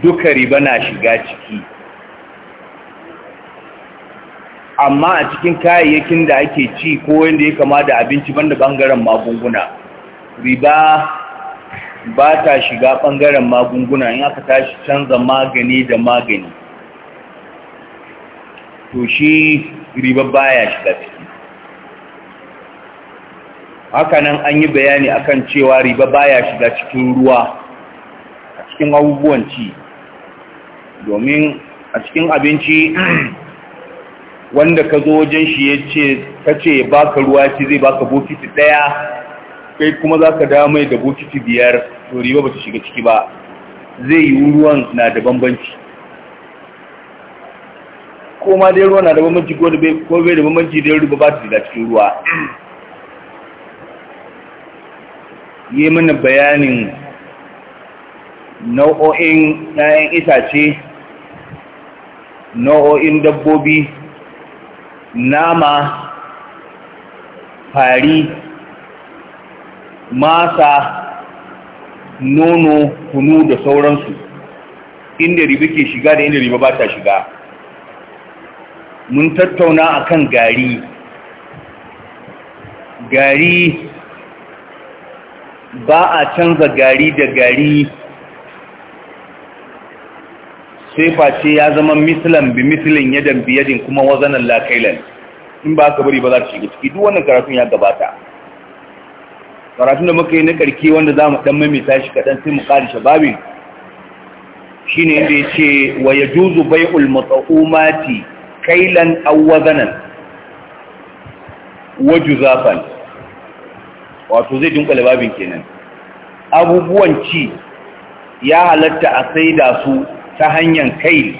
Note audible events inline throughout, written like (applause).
duka riba na shiga ciki amma a cikin kayayyakin da ake ci ko wanda ya kama da abinci banda bangaren magunguna riba ba ta shiga bangaren magunguna in aka tashi canza magani da magani to shi riba baya shiga ciki hakanan an yi bayani akan cewa riba baya shiga cikin ruwa a cikin abubuwan ci domin a cikin abinci (clears throat) wanda ka zo wajen shi ya ce ba ka ruwa ce zai ba ka bokiti ɗaya kai kuma za ka damai da bokiti biyar tori riba ba ta shiga ciki ba zai yi ruwan na da bambanci ko ma dai ruwa na da bambanci ko bai da bambanci dai ruba ba ta shiga cikin ruwa (clears throat) yi mana bayanin nau'o'in 'ya'yan itace nau'o'in dabbobi nama fari masa nono kunu da sauransu inda riba ke shiga da inda riba ba ta shiga mun tattauna akan gari gari ba a canza gari da gari sai face ya zama mislan bi mislin yadan bi yadin kuma wazanan la kailan in ba ka bari ba za ka shiga ciki duk wannan karatun ya gabata karatun da muka yi na karki wanda za mu ɗan mamita shi kaɗan sai mu ƙari shababin shi ne inda ya ce wa ya juzu bai ulmatsa'umati kailan wazanan wa juzafan wato zai dunkule babin kenan abubuwan ci ya halatta a sai da su ta hanyar kai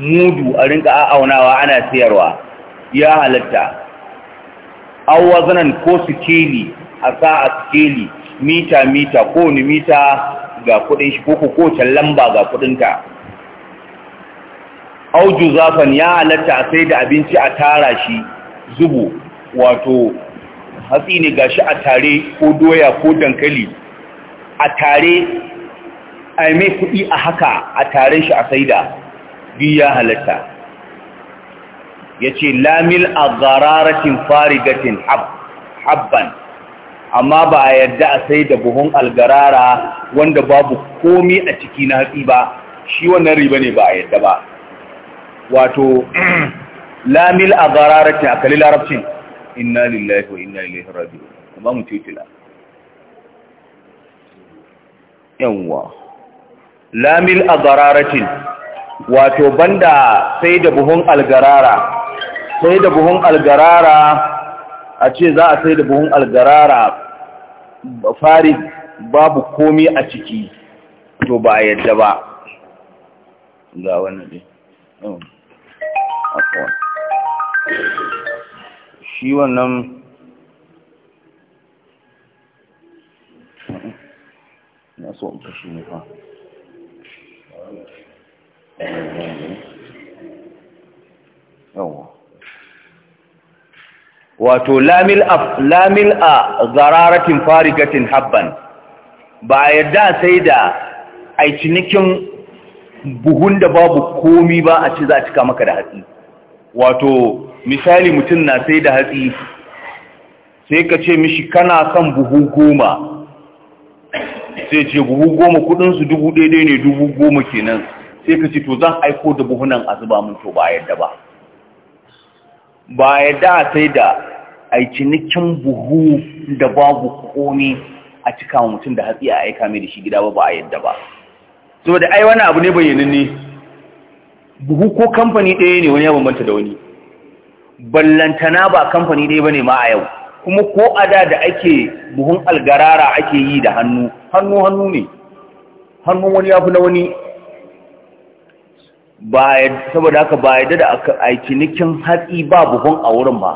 mudu a rinka a'aunawa ana sayarwa ya halatta awazanan ko sikeli a sa a sikeli mita mita ko ni mita ga kudin shi ko ko lamba ga kudinta auju zafan ya halatta a sai da abinci a tara shi zubo wato hatsi ne gashi a tare ko doya ko dankali a tare a mai kuɗi a haka a tare shi a saida biyu ya halatta ya ce lamil a zararatin farigatin habban amma ba a yarda a sai da buhun algarara wanda babu komi a ciki na hatsi ba shi wannan riba ne ba a yarda ba wato (clears throat) lamil a zararatin a kali larabcin inna lillahi wa inna ilaihi rabi'u amma mu titila yawwa lamil azararatin wato banda sai da buhun algarara sai da buhun algarara a ce za a sai da buhun algarara fari babu komai a ciki to ba a yadda ba ga wannan ne shi wannan na so in kashi ne fa wato lamil a zararatin farigatin habban ba a yarda sai da a cinikin buhun da babu komi ba a ci za a cika maka da hatsi wato misali mutum na sai da hatsi sai ka ce mishi kana kan buhu goma sai ce buhu goma kudinsu dubu ɗaya ne dubu goma kenan sai ka ce to zan aiko da buhunan a zuba mun to ba yadda ba ba yadda sai da a cinikin buhu da babu komi a cika mutum da hatsi a aika mai da shi gida ba ba yadda ba da ai wani abu ne bayyananne buhu ko kamfani ɗaya ne wani ya bambanta da wani ballantana ba kamfani ɗaya ba ne ma a yau kuma ko a da da ake buhun algarara ake yi da hannu hannu hannu ne hannun wani ya fi na wani saboda haka ba yadda da aka nikin hatsi ba buhun a wurin ba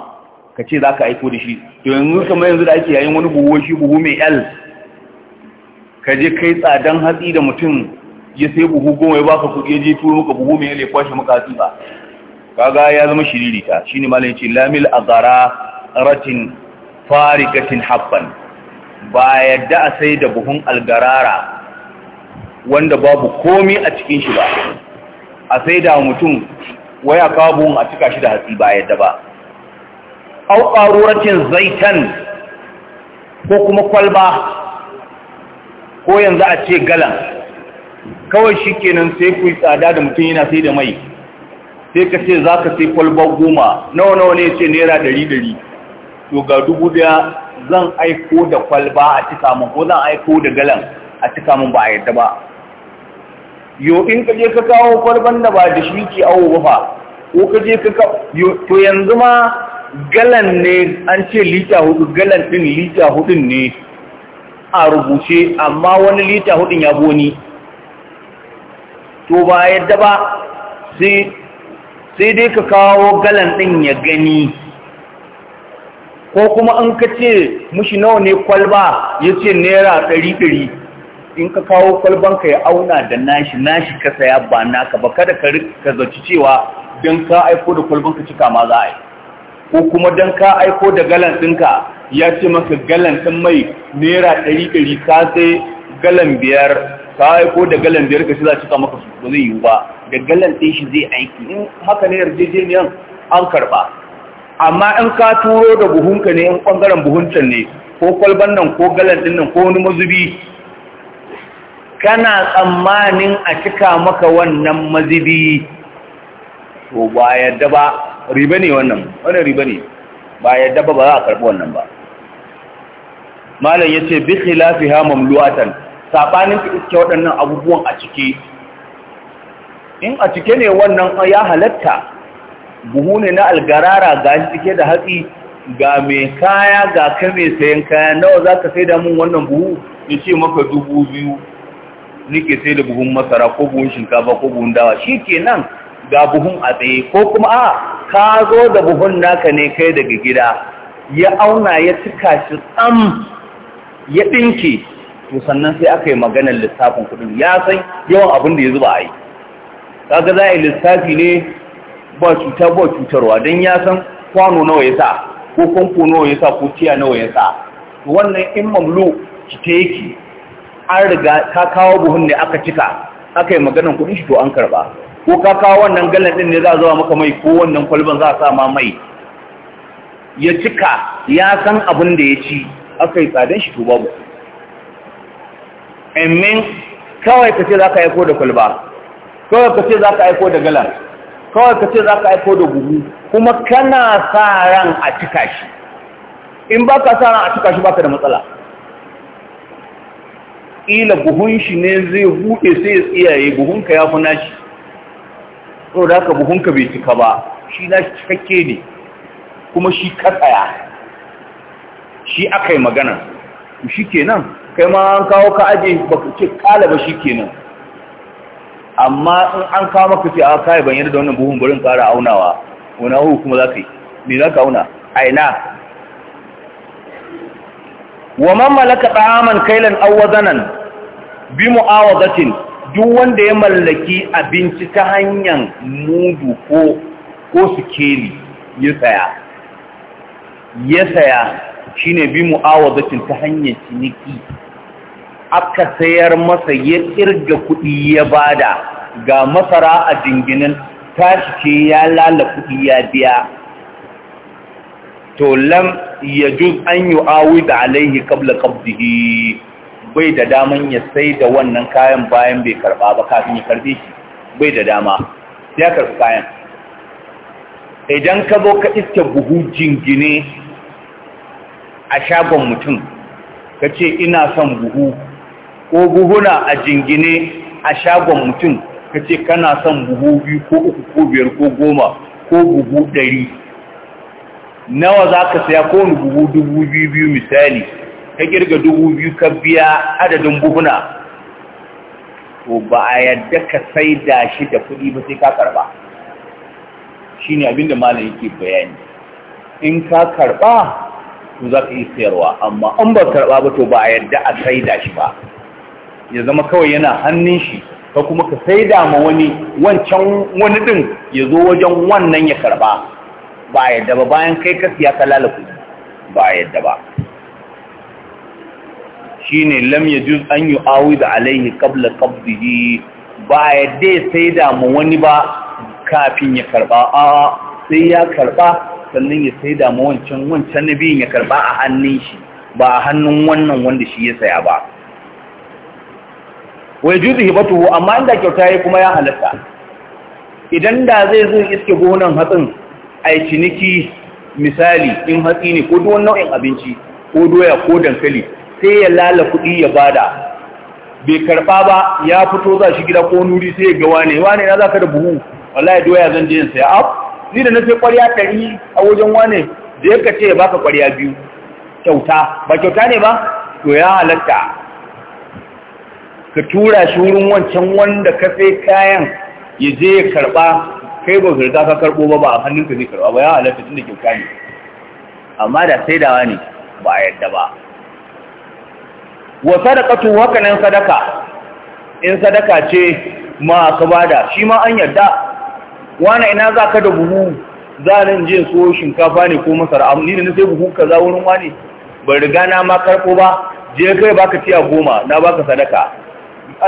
ka ce za ka aiko da shi to yanzu kamar yanzu da ake yayin wani buhuwa shi buhu mai el ka je kai tsadan hatsi da mutum ya sai buhu goma ya baka kuɗi ya je turu maka buhu mai l ya kwashe maka hatsi ba kaga ya zama shiririta ne malin ce lamil azara ratin farigatin habban ba yadda a sai da buhun algarara wanda babu komi a cikin shi ba a sai da mutum waya kawo buhun a cika shi da hatsi ba yadda ba au ƙaruracin zaitan ko kuma kwalba ko yanzu a ce galan kawai shi kenan sai ku yi tsada da mutum yana sai da mai sai ka ce za ka sai kwalba goma nawa nawa ne ce naira dari dari? to ga dubu daya zan aiko da kwalba a cika mun ko zan aiko da galan a cika mun ba a yadda ba Yau in ka je ka kawo kwalban da ba da shi ke awo ba fa ko ka je ka kawo to yanzu ma galan ne an ce lita hudu galan din lita hudun ne a rubuce amma wani lita hudun ya boni to ba yadda ba sai dai ka kawo galan din ya gani ko kuma an ka ce mushi nawa ne kwalba ya ce naira ɗari in ka kawo kwalban ka ya auna da nashi nashi ka saya ba naka ba kada ka ka zaci cewa dan ka aiko da kwalban ka cika ma za a yi ko kuma dan ka aiko da galan ɗinka ya ce maka galan ɗin mai naira ɗari ɗari ka sai galan biyar ka aiko da galan biyar ka shi za cika maka su ba zai yiwu ba da galan ɗin shi zai aiki in haka ne yarjejeniyan an karɓa amma in ka turo da buhunka ne in ɓangaren buhuncan ne ko kwalban nan ko galan ɗin nan ko wani mazubi kana tsammanin a cika maka wannan mazibi to ba yadda ba riba ne wannan wannan riba ne ba yadda ba ba za a karɓi wannan ba malam ya ce bi ha mamlu'atan sabanin ka iske waɗannan abubuwan a cike in a cike ne wannan ya halatta buhu ne na algarara ga cike da hatsi ga mai kaya ga ka mai sayan kaya nawa za ka sai da mun wannan buhu ya ce maka dubu biyu nike sai da buhun masara ko buhun shinkafa ko buhun dawa shi kenan ga buhun a tsaye ko kuma a ka zo da buhun naka ne kai daga gida ya auna ya cika shi tsam ya ɗinke to sannan sai aka yi maganar lissafin kuɗin ya san yawan abin da ya zuba a yi kaga za a yi lissafi ne ba cuta ba cutarwa don ya san kwano nawa ya sa ko kwamfo nawa ya sa ko tiya nawa ya sa wannan in mamlu ta yake an riga ka kawo buhun ne aka cika aka yi maganin kuɗin shi to an karɓa ko ka kawo wannan galan ɗin ne za a zuwa maka mai ko wannan kwalban za a sa ma mai ya cika ya san abin da ya ci aka yi tsadan shi to babu Amin, kawai ka ce za ka aiko da kwalba kawai ka ce za ka aiko da galan kawai ka ce za ka aiko da buhu kuma kana sa ran a cika shi in ba ka sa ran a cika shi ba ka da matsala ƙila buhun shi ne zai buɗe sai ya tsiyaye buhunka ya fi nashi sau da haka buhunka bai cika ba shi nashi cikakke ne kuma shi katsaya shi aka yi magana shi kenan kai ma an kawo ka aje baka ce kala ba shi kenan amma in an kawo maka ce a ah, kai ban yarda da wannan buhun barin ƙara aunawa wani hau kuma za ka yi me za ka auna aina wa man malaka ta'aman kailan aw wazanan bi mu'awadatin duk wanda ya mallaki abinci ta hanyar mudu ko ko sikeli ya saya ya saya shine bi mu'awadatin ta hanyar ciniki aka sayar masa ya kirga kuɗi ya bada ga masara a jinginin tashi ce ya lala kuɗi ya biya to lam yajuz an yu'awida alaihi qabla qabdihi bai da daman ya sai da wannan kayan bayan bai karba ba kafin ya karbe shi bai da dama ya karbi kayan idan ka zo ka iske buhu jingine a shagon mutum ka ce ina son buhu ko buhuna a jingine a shagon mutum ka ce kana son buhu biyu ko uku ko biyar ko goma ko buhu ɗari nawa za ka saya kowane buhu dubu biyu biyu misali ka kirga dubu biyu ka biya adadin buhuna to ba a yadda ka sai da shi da kuɗi ba sai ka karɓa shi ne abinda malam yake bayani in ka karɓa to za ka iya sayarwa amma in ba karba ba to ba a yadda a sai da shi ba ya zama kawai yana hannun shi ka kuma ka sai da ma wani wancan wani ɗin ya zo wajen wannan ya karɓa ba a yadda ba bayan kai ka siya ka lalaku ba a yadda ba shi ne lam ya juz an yi awi da alaihi kabla kabdihi ba yadda ya sai damu wani ba kafin ya karba a sai ya karba sannan ya sai damu wancan wancan na biyun ya karba a hannun shi ba a hannun wannan wanda shi ya saya ba wai juzu hibatuhu amma inda kyauta ya kuma ya halatta idan da zai zai iske gonan hatsin a ciniki misali in hatsi ne ko duwan nau'in abinci ko doya ko dankali sai ya lala kuɗi ya bada bai karɓa ba ya fito za shi gida ko nuri sai ya ga wane wane na za ka da buhu wallahi doya zan je yin saya ni da na ƙwarya ɗari a wajen wane da kace ya baka ƙwarya biyu kyauta ba kyauta ne ba to ya halatta ka tura shi wurin wancan wanda ka sai kayan ya je ya karɓa kai ba su riga ka karɓo ba ba a hannunka zai karɓa ba ya halatta tun da kyauta ne amma da saidawa ne ba a yadda ba wa sadaqatu haka nan sadaka in sadaka ce ma ka bada shi ma an yadda wani ina za ka da buhu za nan je so shinkafa ne ko masara amma ni da sai buhu za wurin wani ban riga na ma karɓo ba je kai baka tiya goma na baka sadaka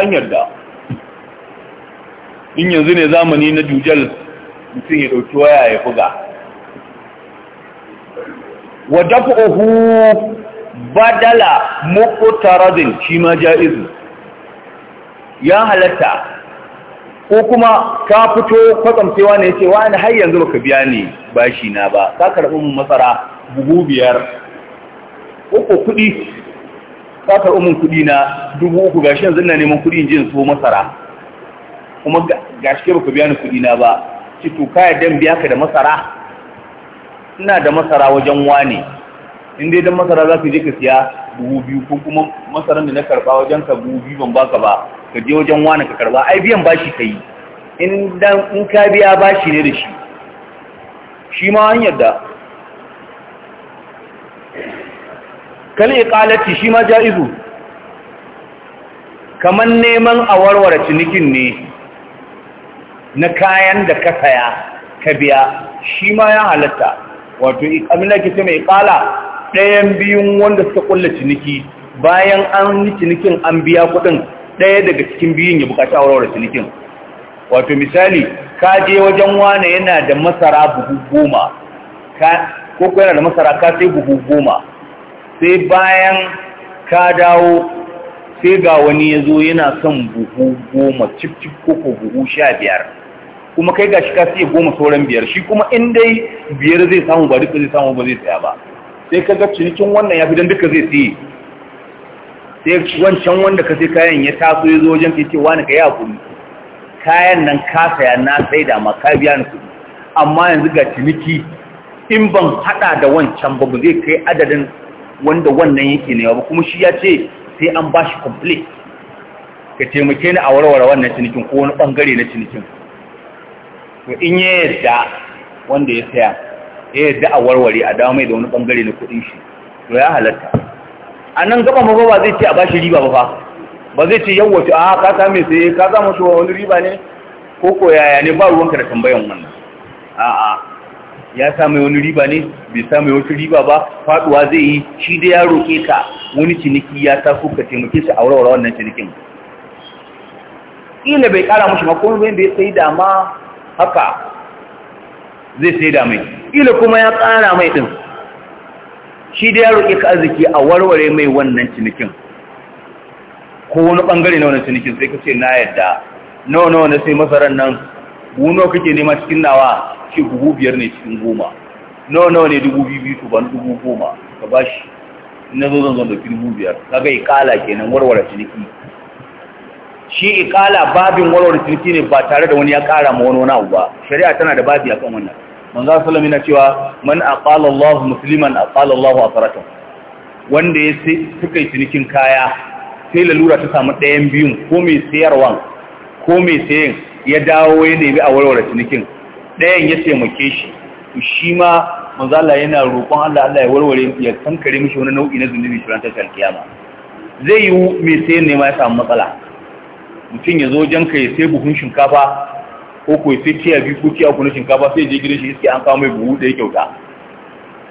an yarda in yanzu ne zamani na dujal mutum ya ɗauki waya ya buga wa daf'uhu badala muqtaradin shi ma jaizu ya halatta ko kuma ka fito kwatsamcewa ne ce wani har yanzu baka biya ne bashi na ba ka karɓi mun masara dubu biyar uku kuɗi ka karɓi mun kuɗi na dubu uku gashi yanzu na neman kuɗi in ji in so masara kuma ga shi ba baka biya ni kuɗi na ba ki to ka yadda biya ka da masara ina da masara wajen wane in dai dan masara za ka je ka siya dubu biyu ko kuma masaran da na karba wajen ka dubu biyu ban baka ba ka je wajen wane ka karba ai biyan bashi ka yi in dan in ka biya bashi ne da shi shi ma an yadda kal iqalati shi ma jaizu kaman neman a warware cinikin ne na kayan da ka saya ka biya shi ma ya halatta wato abinda ke ce mai kala ɗayan biyun wanda suka kulla ciniki bayan an yi cinikin an biya kuɗin ɗaya daga cikin biyun ya bukata warware cinikin wato misali ka je wajen wane yana da masara buhu goma ko kuwa yana da masara ka sai buhu goma sai bayan ka dawo sai ga wani ya zo yana son buhu goma cif cif buhu sha biyar kuma kai gashi ka siya goma sauran biyar shi kuma in dai biyar zai samu ba duka zai samu ba zai tsaya ba sai ka ga cinikin wannan ya fi don duka zai siye sai wancan wanda ka sai kayan ya taso ya zo wajen ka ce wani ka yi hakuri kayan nan ka saya na sai da ma ka biya ni kuɗi amma yanzu ga ciniki in ban haɗa da wancan ba ba zai kai adadin wanda wannan yake ne ba kuma shi ya ce sai an ba shi complete ka taimake ni a warware wannan cinikin ko wani bangare na cinikin to in ya yadda wanda ya saya ya yadda a warware a dawo mai da wani bangare na kudin shi to ya halatta a nan gaba ma ba zai ce a bashi riba ba fa ba zai ce yawwa ce a ka mai sai ka samu shi wani riba ne ko ko yaya ne ba ruwanka da tambayan wannan a'a ya sami wani riba ne bai sami wasu riba ba faduwa zai yi shi da ya roƙe ka wani ciniki ya taso ka taimake shi a warware wannan cinikin ƙila bai ƙara mashi makomai bai sai da ma haka zai sai da mai ila kuma ya tsara mai ɗin shi da ya roƙi ka arziki a warware mai wannan cinikin ko wani ɓangare na wannan cinikin sai ka ce na yadda nawa wani wani sai masarar nan guno kake nema cikin nawa ce dubu biyar ne cikin goma nawa wani wani dubu biyu biyu su ban dubu goma ka ba shi na zo zan zan ɗauki dubu biyar ga ya kala kenan warware ciniki shi ikala babin warware ciniki ne ba tare da wani ya kara ma wani wani ba shari'a tana da babi akan wannan su lami na cewa man aqala musulman musliman allahu a asrata wanda ya suka yi cinikin kaya sai lalura ta samu ɗayan biyun ko mai sayarwa ko mai sayin ya dawo ya nemi a warware cinikin ɗayan ya taimake shi shi ma za la yana roƙon Allah Allah ya warware ya mishi wani nau'i na zunubi shi ran zai yi mai sayin ne ma ya samu matsala mutum ya zo janka ya sai buhun shinkafa ko ko sai tiya biyu ko tiya kuna na shinkafa sai je gidan shi iske an kawo mai buhu ɗaya kyauta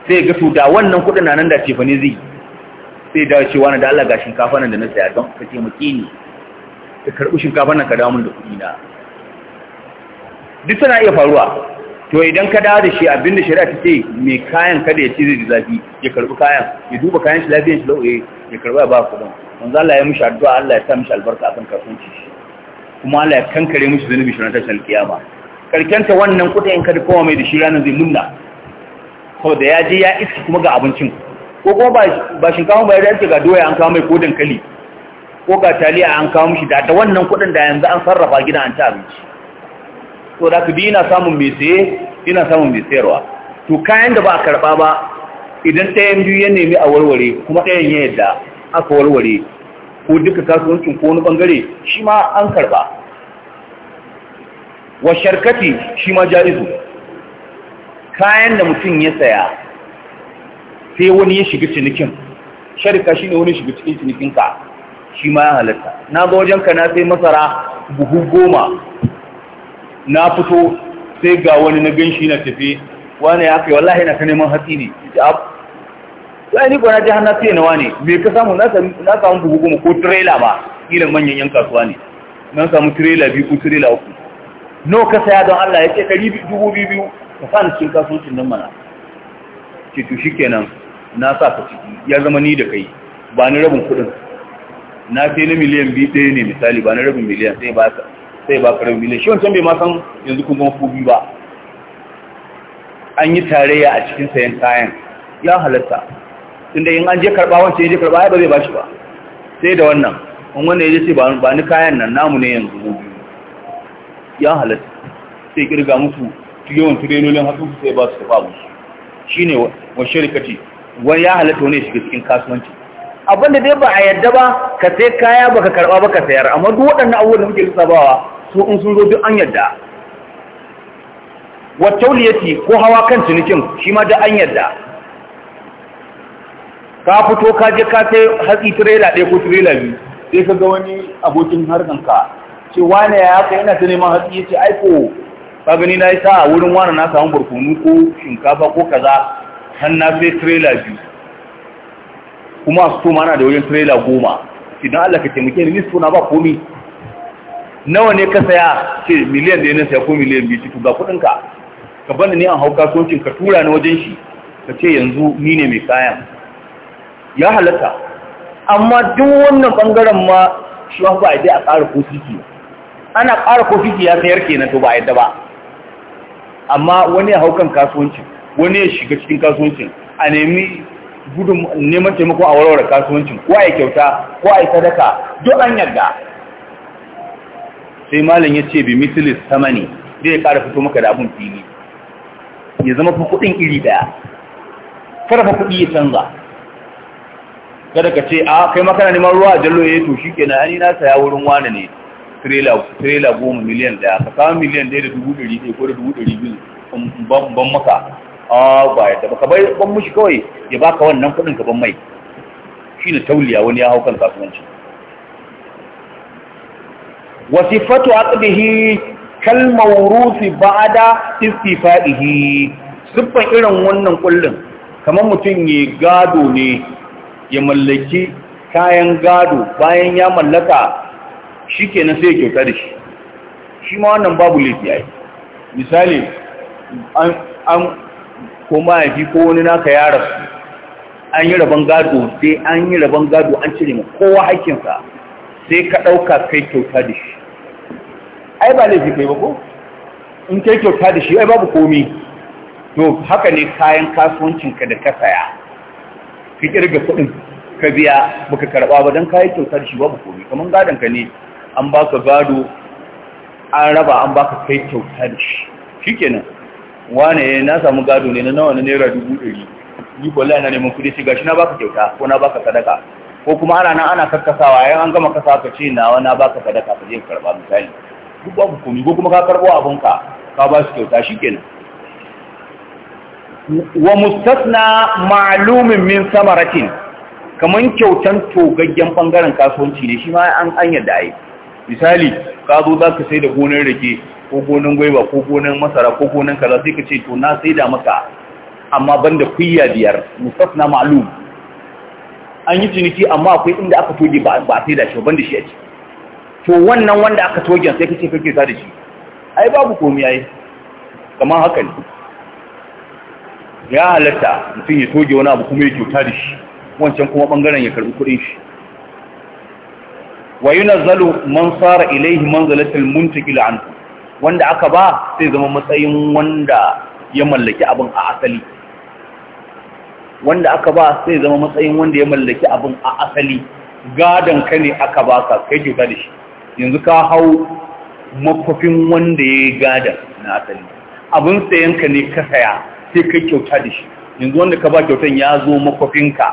sai ga su da wannan kuɗin nan da cefa ne zai sai da cewa na da Allah ga shinkafa nan da na saya don ka taimake ni ka karɓi shinkafa nan ka dawo min da kuɗi na duk suna iya faruwa to idan ka dawo da shi abinda shari'a ta ce mai kayan kada ya ce zai zafi ya karɓi kayan ya duba kayan shi lafiyan shi lauye eh, ya karɓi ya ba kuɗin manzo Allah ya mishi addu'a Allah ya sa mishi albarka akan kasuwanci shi kuma Allah ya kankare mishi zanubi shi ranar tashin ba. karkenta wannan kuɗi in ka da kowa mai da shi ranar zai munna saboda ya je ya iski kuma ga abincin ko kuma ba shinkafa ba ya dace ga doya an kawo mai ko dankali ko ga taliya an kawo mishi da da wannan kuɗin da yanzu an sarrafa gida an ci abinci to da ka bi yana samun mai saye ina samun mai sayarwa to kayan da ba a karɓa ba idan ɗayan biyu ya nemi a warware kuma ɗayan ya yadda aka warware ko duka kasuwancin ko wani bangare shi ma an karba wa sharkati shi ma jaizu kayan da mutum ya saya sai wani ya shiga cinikin sharka shi ne wani shiga cikin cinikinka shi ma ya halatta na ga wajenka na sai masara buhu goma na fito sai ga wani na ganshi na tafi wani ya kai wallahi na ka neman hatsi ne sai ni bara jihar na siya nawa ne me ka samu na samu buhu goma ko tirela ba ilin manyan yan kasuwa ne na samu tirela biyu ko tirela uku no ka saya don Allah ya ce ɗari dubu biyu ka sa ni cikin kasuwancin nan mana ce to kenan na sa ka ciki ya zama ni da kai ba ni rabin kuɗin na sai na miliyan biyu ɗaya ne misali ba ni rabin miliyan sai ba ka sai ba ka rabin miliyan shi wancan bai ma san yanzu kun gama biyu ba an yi tarayya a cikin sayan kayan ya halatta tunda in an je wance wancan je karɓa ya ba zai bashi ba sai da wannan in wannan je sai ba ni kayan nan namu ne yanzu mu ya halatta sai kirga musu yawan tirelolin su sai ba su tafa musu ne wa shirkati wani ya halatta wani ya shiga cikin kasuwanci da dai ba a yadda ba ka sai kaya baka ba baka sayar amma duk waɗannan abubuwan da muke lissabawa su in sun zo duk an yadda wa tauliyati ko hawa kan cinikin shi ma da an yadda ka fito ka je ka sai hatsi tirela ɗaya ko tirela biyu sai ka ga wani abokin harkan ka ce wane ya haka yana ta neman hatsi yace ai ko ka gani na yi a wurin wani na samu barkonu ko shinkafa ko kaza har na sai tirela biyu kuma su toma na da wajen tirela goma idan Allah ka taimake ni nisfu na ba komi nawa ne ka saya ce miliyan da na saya ko miliyan biyu cikin ga kuɗinka ka bani ni an hau kasuwancin ka tura ni wajen shi ka ce yanzu ni ne mai kayan ya halatta amma duk wannan bangaren ma shi ba a a ƙara ko fiki ana ƙara ko fiki ya sayar kenan to ba a yadda ba amma wani ya haukan kasuwancin wani ya shiga cikin kasuwancin a nemi gudun neman taimako a warware kasuwancin ko a kyauta ko a yi sadaka duk an yarda sai malam ya ce bi mitilis sama ne zai ƙara fito maka da abin fili ya zama fi kuɗin iri daya karfa kuɗi ya canza kada ka ce a ah, kai makana neman ruwa a jallo ya eh, to shi ke na ani na saya wurin wani ne trela goma miliyan daya ka samu miliyan daya da dubu ɗari ne ko da dubu ɗari biyu ban maka a ba ya taba ka bai ban mushi kawai ya baka wannan kuɗin ka ban mai shi ne tauliya wani ya hau kan kasuwanci wasifatu aqdihi kal mawruthi ba'da istifaihi siffan irin wannan kullun kamar mutum ne gado ne ya mallaki kayan gado bayan ya mallaka shi kenan sai ya kyauta da shi shi ma wannan babu laifi ya yi misali an koma mahaifi ko wani naka ya rasu an yi rabon gado sai an yi rabon gado an cire ma kowa haikinsa sai ka ɗauka kai kyauta da shi ai ba laifi kai ba ko in kai kyauta da shi ai babu komi to haka ne kayan kasuwancinka da ka saya ka kirga kuɗin ka biya baka karɓa ba don kayi da shi babu ne kamar gadan ka ne an baka gado an raba an baka kai kyauta da shi shikenan wane na samu gado ne na nawa na naira dubu ɗari ni wallahi na neman kudi shi gashi na baka kyauta ko na baka sadaka ko kuma ana nan ana kakkasawa yayin an gama kasa ka ce nawa na baka sadaka ka je karba misali duk babu komai ko kuma ka karbo abun ka ka ba shi kyauta shikenan wa mustasna ma'lumin min samaratin kaman kyautan togaggen bangaren kasuwanci ne shi ma an an yadda ai misali ka zo za ka sai da gonar rake ko gonar gwaiba ko gonar masara ko gonar kaza sai ka ce to na sai da maka amma banda kuyya biyar mustasna ma'lum an yi ciniki amma akwai inda aka toge ba a sai da shi banda shi a ciki to wannan wanda aka toge sai ka ce kake sa da shi ai babu komai ai kamar haka ne ya halatta mutum ya toge wani abu kuma ya kyauta da shi wancan kuma bangaren ya karbi kuɗin shi wa zalo man sara ilaihi manzalatul muntakil an wanda aka ba sai zama matsayin wanda ya mallaki abin a asali wanda aka ba sai zama matsayin wanda ya mallaki abin a asali gadon ka ne aka ba ka, kai kyauta da shi yanzu ka hau makwafin wanda ya yi gadon na asali abin sayanka ne ka saya sai kai kyauta da shi yanzu wanda ka ba kyautan ya zo makwafinka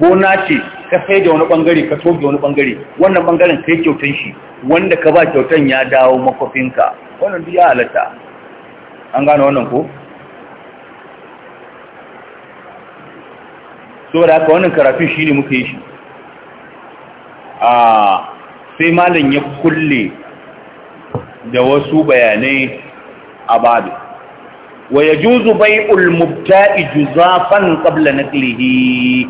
gona ce ka sai da wani bangare ka toge wani bangare wannan bangaren kai kyautan shi wanda ka ba kyautan ya dawo makwafinka wannan duk ya halatta an gane wannan ko So da haka wannan karatun shi ne muka yi shi a sai malam ya kulle da wasu bayanai a babu wa yajuzu bai'ul mubta'i juzafan qabla naqlihi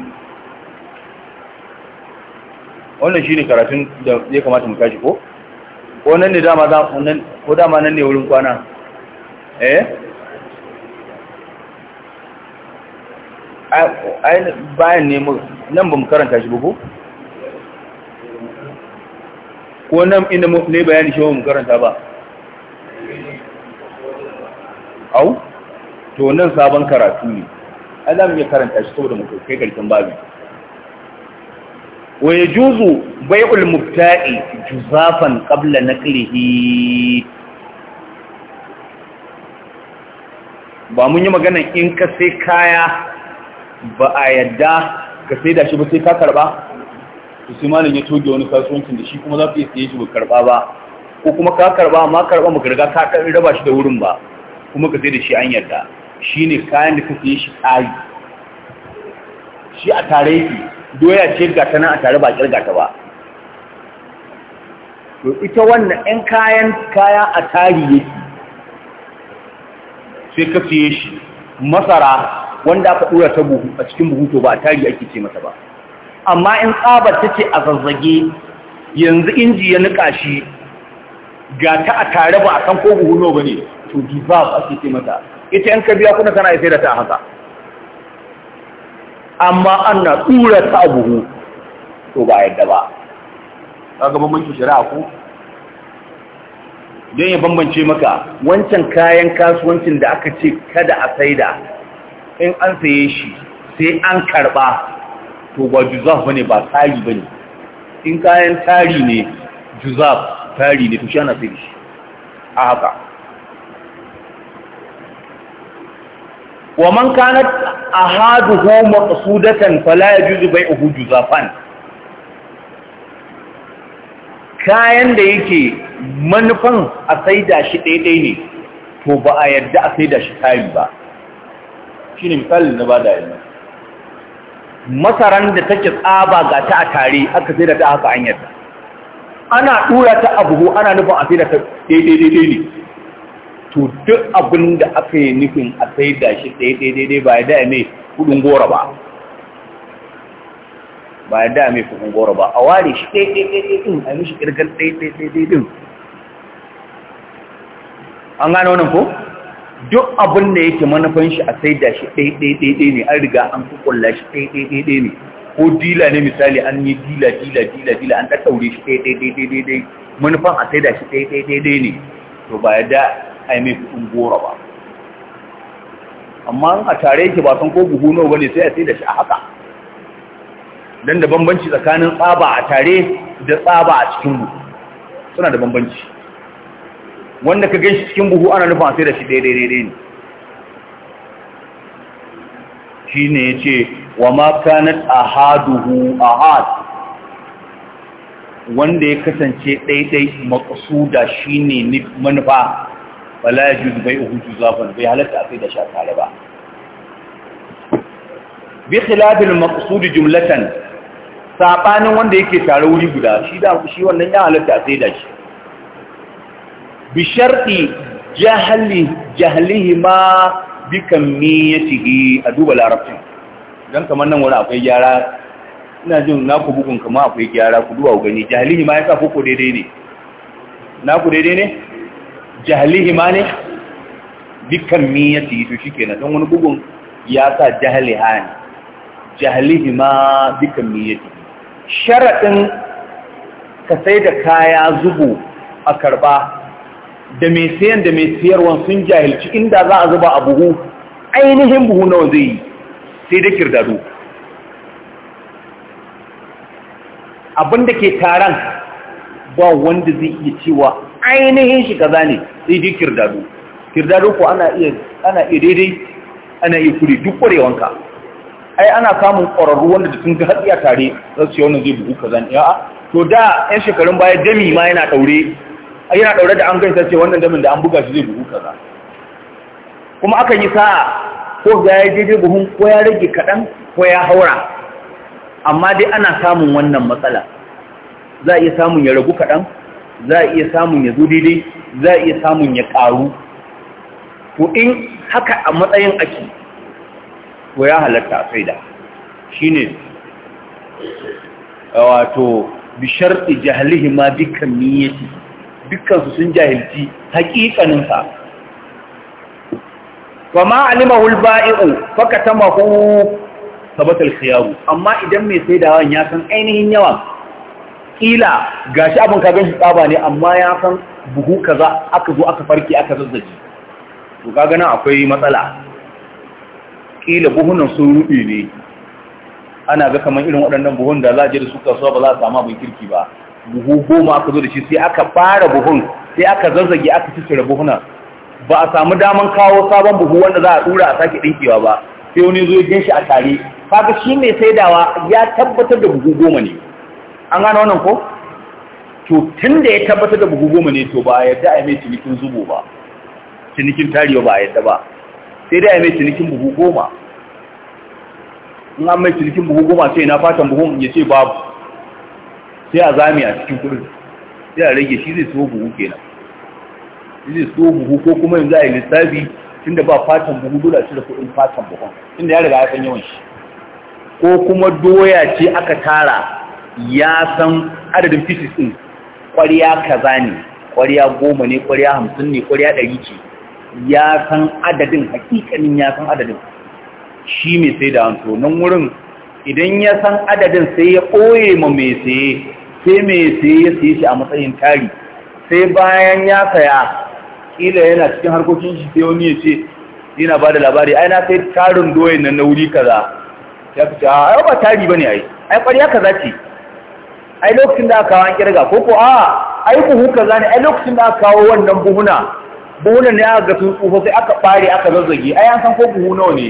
wannan shine karatun da ya kamata mu tashi ko ko nan ne dama za ko dama nan ne wurin kwana eh ai bayan ne mu nan mu karanta shi ba ko ko nan inda ne bayani shi ba mu karanta ba au to nan sabon karatu ne ai ya karanta shi saboda mutum kai karshen babu wa yajuzu bai'ul mubta'i juzafan qabla naqlihi ba mun yi magana in ka sai kaya ba a yadda ka sai da shi ba sai ka karba malin ya toge wani kasuwancin da shi kuma za ku iya shi ba karba ba ko kuma ka karba amma karba maka riga ka raba shi da wurin ba kuma ka sai da shi an yadda. Shi ne kayan da kake shi ƙari shi a tare yake doya ce ga nan a tare ba ƙirga ta ba to ita wannan ɗan kayan kaya a tari yake sai ka siye shi masara wanda aka ɗora ta buhu a cikin buhu to ba a tari ake ce mata ba amma in tsabar ta ce a zazzage yanzu inji ya nika shi gata a tare ba a san ko buhu nawa ne to deserve ake ce mata ita yan ka biya kuna kana isa da ta haka amma ana tura ta buhu to ba yadda ba kaga bambancin shari'a ko don ya bambance maka wancan kayan kasuwancin da aka ce kada a saida in an saye shi sai an karba to ba juzaf bane ba tari bane in kayan tari ne juzaf tari ne to shi ana sai da shi a haka wa man kanat ahaduhu maqsudatan fala yajuzu bai'uhu juzafan kayan da yake manufan a saida shi daidai ne to ba a yadda a saida shi tari ba shine misalin na bada yanzu masaran da take tsaba ga ta a tare aka saida ta haka an yadda ana dura ta abuhu ana nufin a saida ta daidai ne to duk abin da aka yi nufin a sai da shi daidai ba ya da mai kudin gora ba ba ya da mai kudin gora ba a ware shi daidai din a mishi kirgar daidai din an gano nan ko duk abin da yake manufan shi a sai da shi daidai ne an riga an kukulla shi daidai ne ko dila ne misali an yi dila dila dila dila an ɗaɗɗaure shi daidai manufan a sai da shi daidai ne to ba ya da a kudin goro ba amma a tare yake ba san ko buhu nawa ne sai a sai da shi a haka don da bambanci tsakanin tsaba a tare da tsaba a cikin buhu suna da bambanci wanda ka shi cikin buhu ana nufa sai da shi daidai daidai ne ya ce wa ma kanat a ahad wanda ya kasance daidai shi ne manufa wala ya juzu bai uku zafin bai halatta a sai da sha tare ba bi khilafil maqsud jumlatan sabanin wanda yake tare wuri guda shi da shi wannan ya halatta a sai da shi bi sharti jahli jahlihi ma bi kamiyatihi a duba larabcin dan kamar nan wani akwai gyara ina jin naku bugun kamar akwai gyara ku duwa gani jahlihi ma ya sa ko daidai ne naku daidai ne jahalihi ma ne dukkan miyati ya ci to shi na don wani bugun ya sa jahaliha ne jahalihi ma dukkan miyati ya sharaɗin ka sai da kaya zubo a karɓa da mai sayan da mai sayarwan sun jahilci inda za a zuba a buhu ainihin buhu nawa zai yi sai da kirdado abinda ke taron ba wanda zai iya cewa ainihin shi kaza ne sai dai kirdado kirdado ko ana iya ana iya daidai ana iya kuri duk kwarewanka ai ana samun ƙwararru wanda da sun ga a tare za su ce wannan zai bugu kaza ne a'a to da yan shekarun baya dami ma yana ɗaure. yana ɗaure da an gaisa ce wannan damin da an buga shi zai bugu kaza kuma akan yi sa'a ko ga ya daidai buhun ko ya rage kaɗan ko ya haura amma dai ana samun wannan matsala za a iya samun ya ragu kaɗan za a iya samun ya zo daidai za a iya samun ya ƙaru Ko in haka a matsayin ake ko ya halatta a tsaida shi ne wato bishar jahalihi ma dukkan niyyaci dukkansu sun jahilci haƙiƙaninsa ba ma alimahul ba'i'u fakata mahu sabatar siyaru amma idan mai saidawan ya san ainihin yawan kila shi abin ka gan shi tsaba ne amma ya san buhu kaza aka zo aka farki aka zazzaji to kaga nan akwai matsala kila buhunan sun rube ne ana ga kamar irin waɗannan buhun da za a je da su kasuwa ba za a samu abin kirki ba buhu goma aka zo da shi sai aka fara buhun sai aka zazzage aka cicire buhuna ba a samu daman kawo sabon buhu wanda za a dura a sake ɗinkewa ba sai wani zo ya shi a tare kaga shi mai saidawa ya tabbatar da buhu goma ne an gano wannan ko to tun da ya tabbatar da buhu goma ne to ba a yadda a mai cinikin zubo ba cinikin tarewa ba a yadda ba sai dai a mai cinikin buhu goma in an mai cinikin buhu goma sai na fatan buhun ya ce babu sai a zame a cikin kudin sai a rage shi zai so buhu kenan zai so buhu ko kuma yanzu a yi lissafi tun da ba fatan buhu dole a cire kudin fatan buhun da ya riga ya san yawan shi ko kuma doya ce aka tara ya san adadin pieces din ƙwariya kaza ne ƙwariya goma ne ƙwariya hamsin ne ƙwariya ɗari ce ya san adadin hakikanin ya san adadin shi mai sai da hanto nan wurin idan ya san adadin sai ya ɓoye ma mai saye sai mai saye ya saye shi a matsayin tari sai bayan ya saya ƙila yana cikin harkokin shi sai wani ya ce yana ba da labari ai na sai tarin doyen nan na wuri kaza ya fi ce a ba tari ba ne ai ai ƙwariya kaza ce ai lokacin da aka kawo an kirga ko ko a ah, ai ku huka ne ai lokacin da aka kawo wannan buhuna buhunan ne aka ga sun tsufa sai aka bare aka zazzage ai an san ko buhu nawa ne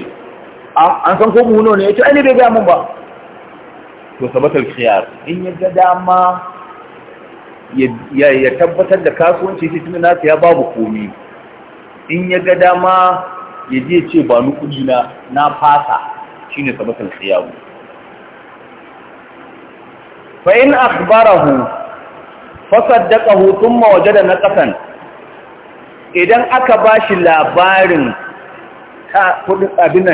an san ko buhu nawa ne to ai bai ga mun ba to sabatal khiyar in ya ga dama ya tabbatar da kasuwanci shi tun nasu ya babu komi in ya ga dama ya je ce ba ni kudi na na fasa shine sabatal khiyar fa in akhbarahu mawaje thumma wajada naqasan idan aka bashi labarin ta kudin abin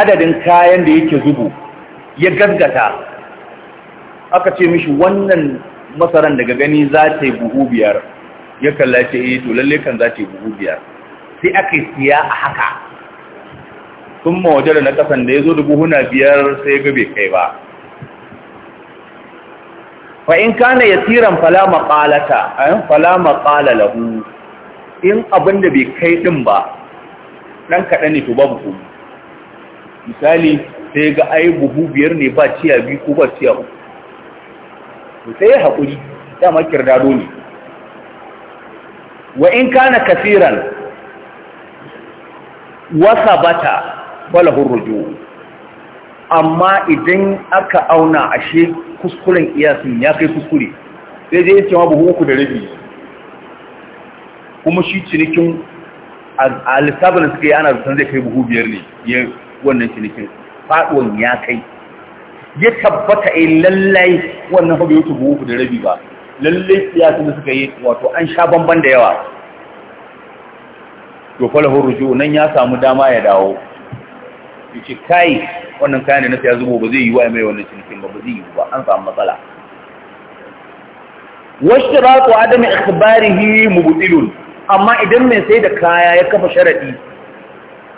adadin kayan da yake zubu ya gaggata aka ce mishi wannan masaran daga gani za ta yi buhu biyar ya kalla ce yi eh, to lalle kan za ta yi buhu biyar sai aka yi siya a haka sun mawaje da na kasan da ya zo da buhuna biyar sai ya gabe kai ba fa in kana yasiran fala maqalata ayin eh, fala maqala lahu in abinda bai kai din ba dan kada ne to babu ko misali sai ga ai buhu biyar ne ba ciya bi ko ba ciya to sai hakuri dama kirdado ne wa in kana kasiran wasa bata hurujuu amma idan aka auna ashe kuskuren iyasin ya kai kuskure sai zai cewa buhu uku da rabi kuma shi cinikin a lissafin da suka yi ana zutan zai kai buhu biyar ne ya wannan cinikin faɗuwan ya kai ya tabbata a eh, lallai wannan haɓe yake buhu uku da rabi ba lallai iyasin da suka yi wato an sha bamban da yawa to falahun rujo nan ya samu dama ya dawo ya ce kai wannan kayan da na siya zubo ba zai yi wa mai wannan cinikin ba ba zai yi ba an samu matsala Wasu washtiratu adami ikhbarihi mubtilun amma idan mai sai da kaya ya kafa sharaɗi.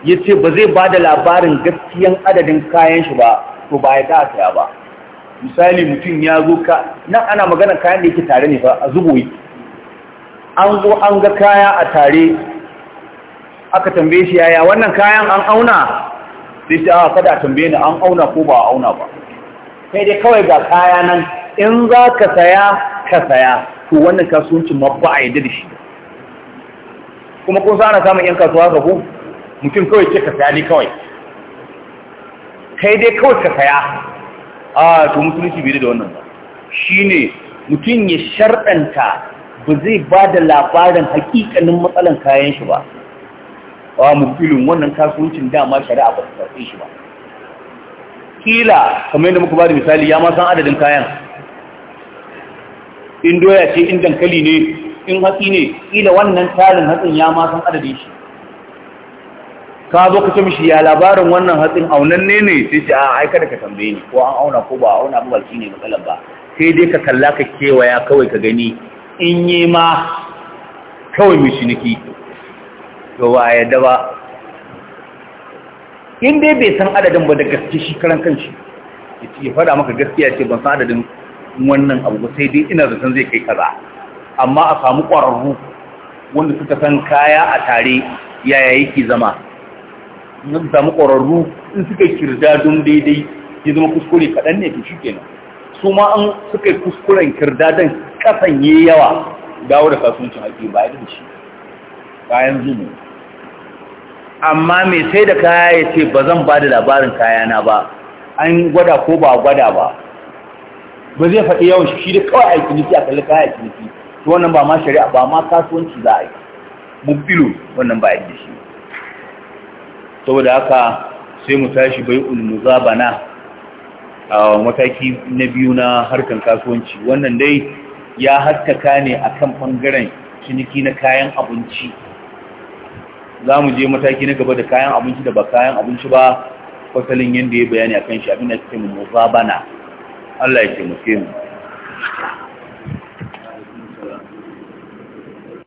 Ya ce ba zai ba da labarin gaskiyan adadin kayan shi ba to ba ya da saya ba misali mutum ya zo ka nan ana magana kayan da yake tare ne fa a zubo yi an zo an ga kaya a tare aka tambaye shi yaya wannan kayan an auna sai ta kada tambaye ni an auna ko ba a auna ba sai dai kawai ga kaya nan in za ka saya ka saya to wannan kasuwancin ma ba a yadda da shi kuma kun sa ana samun yan kasuwa ka ku mutum kawai ce ka saya ne kawai kai dai kawai ka saya a to musulunci bai da wannan ba shine mutum ya sharɗanta ba zai ba da labarin hakikanin matsalan kayan shi ba wa mubtilun wannan kasuwancin dama shari'a ba ta tafi shi ba kila kamar yadda muka ba da misali ya ma san adadin kayan in doya ce in dankali ne in haƙi ne kila wannan talin hatsin ya ma san adadin shi ka zo ka mishi ya labarin wannan hatsin aunan ne sai ce a aika da ka tambaye ni ko an auna ko ba a auna ba shi ne matsalar ba sai dai ka kalla ka kewaya kawai ka gani in yi ma kawai mai ciniki to ba a yadda ba in dai bai san adadin ba da gaske shi karan kanshi ya faɗa maka gaskiya ce ban san adadin wannan abu ba sai dai ina zaton zai kai kaza amma a samu ƙwararru wanda suka san kaya a tare yaya yake zama na samu ƙwararru in suka don daidai ya zama kuskure kaɗan ne ta shi kenan su ma an suka yi kuskuren kirdadun ƙasan yi yawa dawo da kasuwancin haƙi ba da shi bayan zumu amma mai sai da kaya ya ce ba zan ba da labarin kayana ba an gwada ko ba gwada ba ba zai faɗi yawan shi shi da kawai a ciniki a kalli kaya a ciniki to wannan ba ma shari'a ba ma kasuwanci za a yi mubbilu wannan ba yadda shi saboda haka sai mu tashi bai zabana a mataki na biyu na harkar kasuwanci wannan dai ya haskaka ne akan bangaren ciniki na kayan abinci za mu je mataki na gaba da kayan abinci da ba kayan abinci ba kwatalin yadda ya bayani a kan shi abin da suke mu bana Allah ya taimake mu